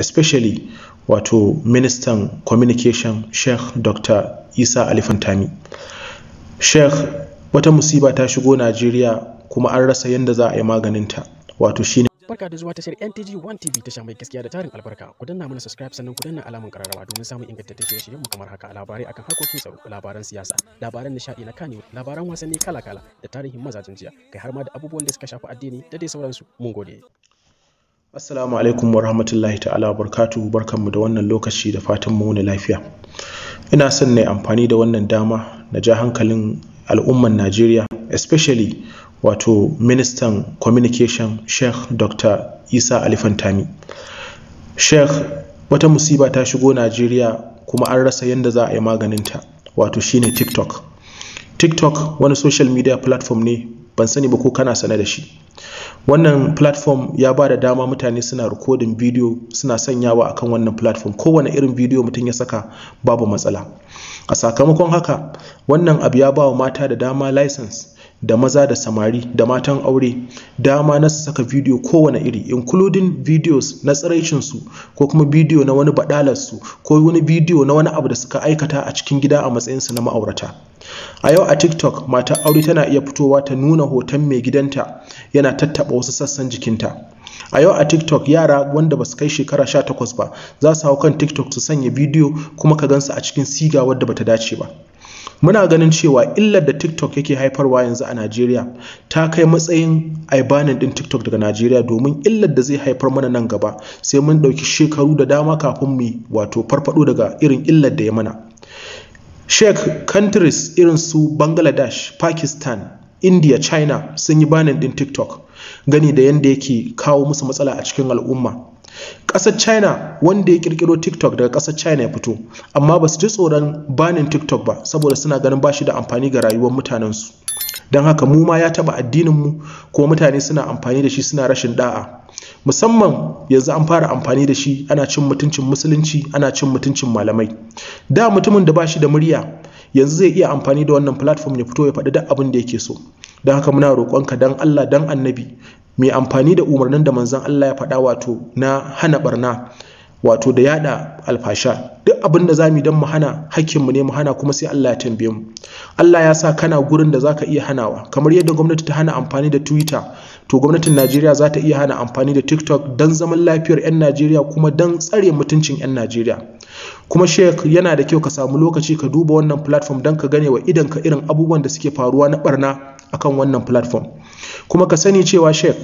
especially wato ministan communication sheikh dr isa alifantami sheikh wata musiba ta shigo najeriya kuma an rasa yadda za a yi maganinta wato shine barka da zuwa tashar NTG 1 TV tasha mai gaskiya da tarin albarka. Ku danna mana subscribe sannan ku danna alamun kararrawa domin samun ingantattun shirye-shiryen kamar haka labarai akan harkokin tsaro, labaran siyasa, labaran nishadi na kanewa, labaran wasanni kala-kala da tarihin mazajen jiya, kai har ma da abubuwan da suka shafi addini da dai sauransu. Mun gode. Assalamu alaikum wa rahmatullahi ta'ala wa barkatu barkanmu da wannan lokaci da fatan mu ne lafiya. Ina son na yi amfani da wannan dama na ja hankalin al'umman Najeriya especially wato ministan communication Sheikh Dr. Isa Alifantami. Sheikh wata musiba ta shigo Najeriya kuma an rasa yadda za a yi maganinta wato shine TikTok. TikTok wani social media platform ne ban sani ba ko kana sane da shi wannan platform ya ba da dama mutane suna rikodin bidiyo suna sanyawa akan wannan platform kowane irin bidiyo mutum ya saka babu matsala a sakamakon haka wannan abu ya ba wa mata da dama license da maza da samari da matan aure dama na su saka bidiyo kowane iri including videos na tsiraicinsu ko kuma bidiyo na wani su ko wani bidiyo na wani abu da suka aikata a cikin gida a matsayinsu na ma'aurata a yau a tiktok mata aure tana iya fitowa ta nuna hoton mai gidanta yana tattaba wasu sassan jikinta a yau a tiktok yara wanda ba su kai shekara 18 ba za su hau kan tiktok su sanya bidiyo kuma ka gansu a cikin siga wadda bata dace ba muna ganin cewa illar da tiktok yake haifarwa yanzu a najeriya ta kai matsayin aibanin din tiktok daga najeriya domin illar da zai haifar mana nan gaba sai mun ɗauki shekaru da dama kafin mu wato farfado daga irin illar da ya mana shek countries irin su bangladesh pakistan india china sun yi banin din tiktok gani da yadda yake kawo musu matsala a cikin al'umma ƙasar china wanda ya kirkiro tiktok daga ƙasar china ya fito amma ba su ji tsoron banin tiktok ba saboda suna ganin ba shi da amfani ga rayuwar mutanensu don haka mu ma ya taba mu, ko mutane suna amfani da shi suna rashin da'a musamman yanzu an fara amfani da shi ana cin mutuncin musulunci ana cin mutuncin malamai da mutumin da ba shi da murya yanzu zai iya amfani da wannan platform ya fito ya faɗi duk abin da yake so don haka muna roƙonka dan Allah dan annabi mai amfani da umarnin da manzon Allah ya faɗa wato na hana barna wato da yada alfasha duk abin da zamu dan mu hana hakkin ne mu hana kuma sai Allah ya tambaye mu Allah ya sa kana gurin da zaka iya hanawa kamar yadda gwamnati ta hana amfani da Twitter to gwamnatin Najeriya za ta iya hana amfani da TikTok dan zaman lafiyar 'yan Najeriya kuma dan tsare mutuncin 'yan Najeriya kuma Sheikh yana da kyau ka samu lokaci ka duba wannan platform dan ka gane wa idan ka irin abubuwan da suke faruwa na barna akan wannan platform kuma ka sani cewa Sheikh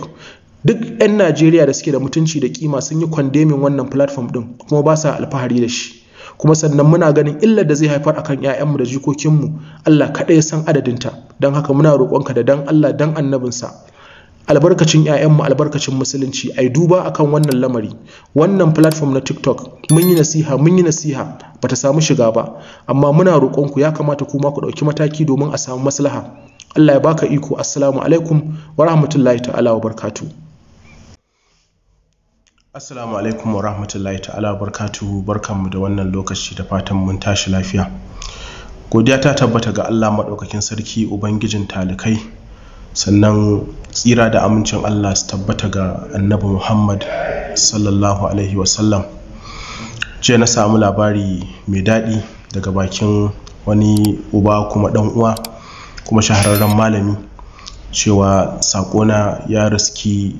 duk 'yan najeriya da suke da mutunci da kima sun yi kwandemin wannan platform din kuma ba sa alfahari da shi kuma sannan muna ganin illar da zai haifar akan 'ya'yanmu da jikokinmu allah kaɗai san adadinta don haka muna roƙonka da dan allah dan annabinsa albarkacin 'ya'yanmu albarkacin musulunci ai duba akan wannan lamari wannan platform na tiktok mun yi nasiha mun yi nasiha ba ta samu shiga ba amma muna roƙonku ya kamata kuma ku ɗauki mataki domin a samu maslaha allah ya baka iko assalamu alaikum wa rahmatullahi ta'ala wa barkatu Assalamu alaikum wa rahmatullahi ta'ala barkatuhu barkanmu da wannan lokaci da fatan mun tashi lafiya. Godiya ta tabbata ga Allah maɗaukakin sarki Ubangijin talikai sannan tsira da amincin Allah su tabbata ga annabi Muhammad sallallahu alaihi wasallam. Jiya na samu labari mai daɗi daga bakin wani uba kuma ɗan uwa kuma shahararren malami cewa saƙona ya riski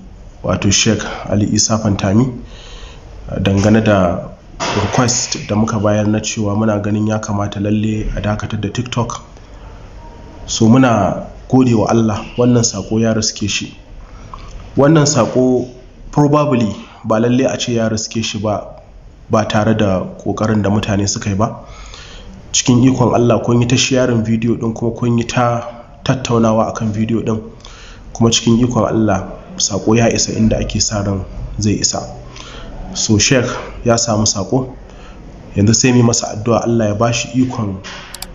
wato sheikh ali isa fantami dangane da request da muka bayar na cewa muna ganin ya kamata lalle a dakatar da tiktok so muna gode wa allah wannan sako ya riske shi wannan sako probably ba lalle a ce ya riske shi ba ba tare da kokarin da mutane suka yi ba cikin ikon allah kun yi ta sharing video din kuma kun yi ta tattaunawa akan video din kuma cikin ikon Allah sako ya isa inda ake sa ran zai isa so sheikh ya samu sako yanzu sai mai masa addu'a Allah ya ba shi ikon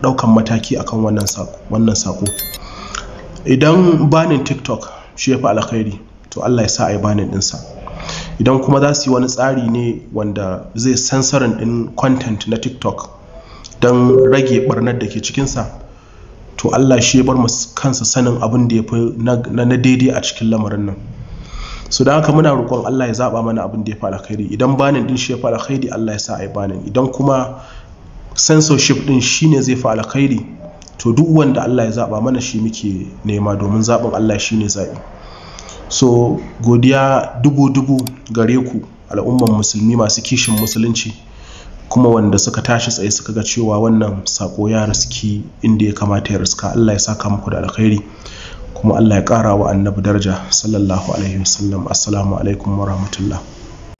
daukan mataki akan wannan sako wannan sako idan banin tiktok shi ya fi alkhairi to Allah ya sa a yi banin dinsa idan kuma za su yi wani tsari ne wanda zai sansarin din content na tiktok don rage barnar da ke cikinsa to Allah shi ya bar mu kansa sanin abin da ya fi na daidai a cikin lamarin nan su da haka muna roƙon Allah ya zaɓa mana abin da ya fi alkhairi idan banin din shi ya fi alkhairi Allah ya sa a yi banin idan kuma censorship din shi ne zai fi alkhairi to duk wanda Allah ya zaɓa mana shi muke nema domin zaɓin Allah shi ne zaɓi so godiya dubu-dubu gare ku al'umman musulmi masu kishin musulunci kuma wanda suka tashi tsaye suka ga cewa wannan sako ya riski inda ya kamata ya riska Allah ya saka muku da alkhairi kuma Allah ya ƙara wa annabi daraja sallallahu alaihi wasallam assalamu alaikum wa rahmatullah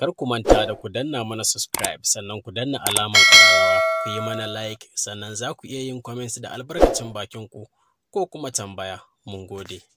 kar ku manta da ku danna mana subscribe sannan ku danna alamar ƙararrawa ku yi mana like sannan za ku iya yin comments da albarkacin bakin ku ko kuma tambaya mun gode